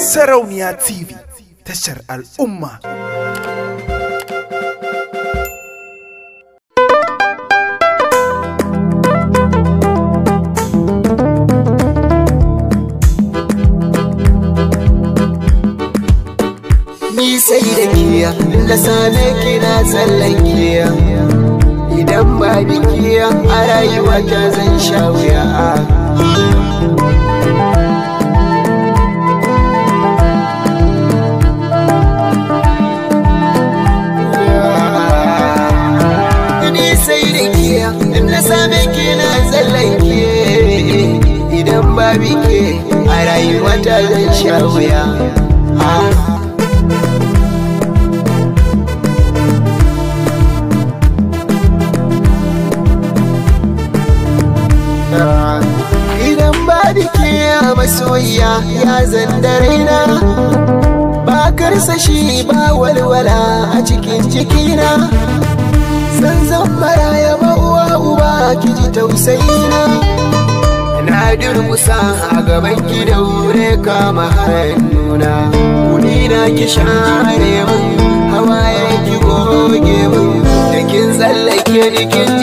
Sarauniya TV tashar al'umma. Ni sai da kiya, da same kina tsallan kiya. Idan ba bikiya a rayuwa ta zan sha wuya. ki in na same ki na tsallake idan babu ke a rayuwa ta zan sha wuya Idan babu ke a masoyiya ya zanda raina ba karsashi ba walwala a cikin cikina maraya ba uwa uba kiji tausayina na durmusa a gaban gidan da wure kama hannuna kuni na ki share min ya ki goge min da kin tsallake ni kin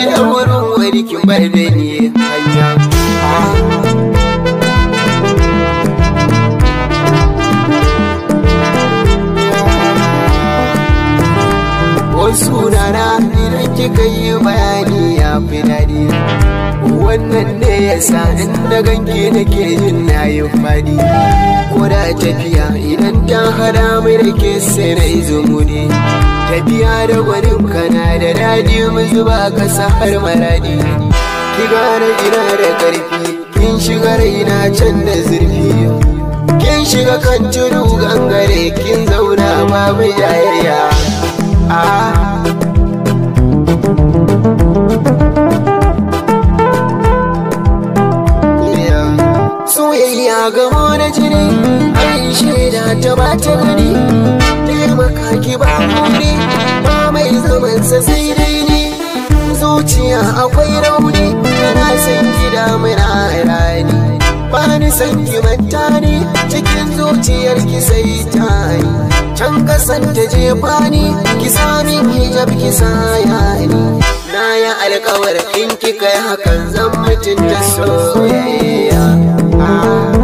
yasa in na ganke nake yin nayin fadi ko da tafiya idan ta hada mai nake sai na izo muni tafiya da gwanin kana da dadi mu zuba kasa har maradi ki gane ina da karfi kin shiga raina can da zurfi kin shiga kan tudu gangare kin zauna babu yayaya a' ah. sa sai dai zuciya akwai rauni na san gida muna rani ba ni san ki manta cikin zuciyar ki sai ta yi can kasan ta jefa ni ki sami hijab ki saya ni na yi alkawar in kika yi hakan zan mutunta soyayya ah.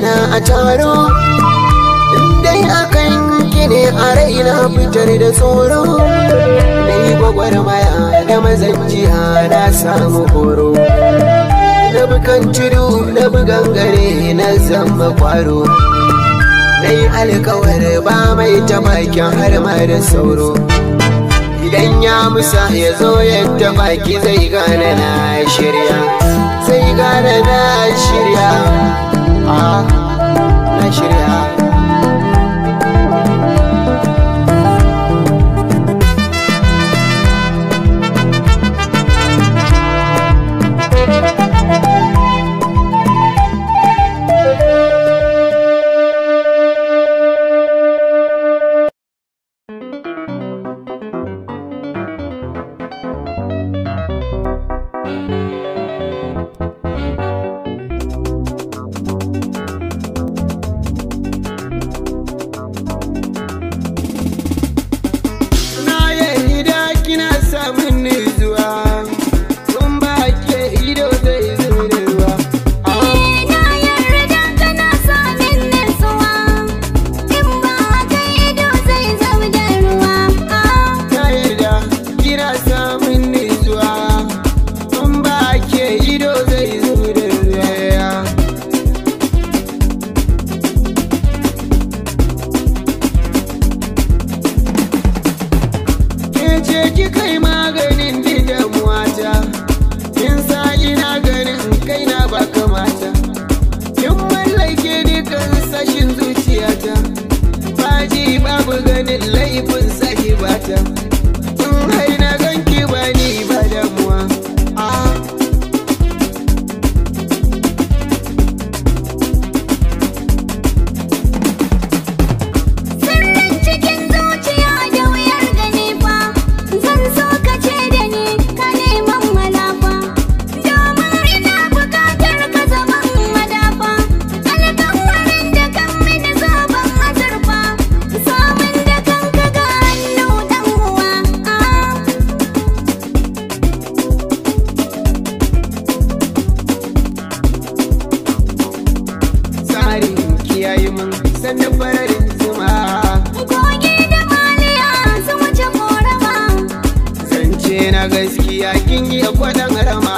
magana a taro dai akan kine a raina fitar da tsoro dai yi gwagwarmaya da mazanjiya na samu horo na bukan tudu na gare na zama kwaro dai alkawar ba mai tamakin har ma da sauro idan ya musa ya zo yadda baki zai gane na shirya zai gane na shirya a na shirya samun nutsuwa in ba ke ido zai zubi da ruwa ke ce ki kai maganin da damuwa ta kin sa ina ganin kaina ba kamata kin mallake dukan sashin zuciyata baji babu ganin laifin sahibata yayi mun sannan fararin zuma goge da maliya sun wuce korama zance na gaskiya kin yi kwadan rama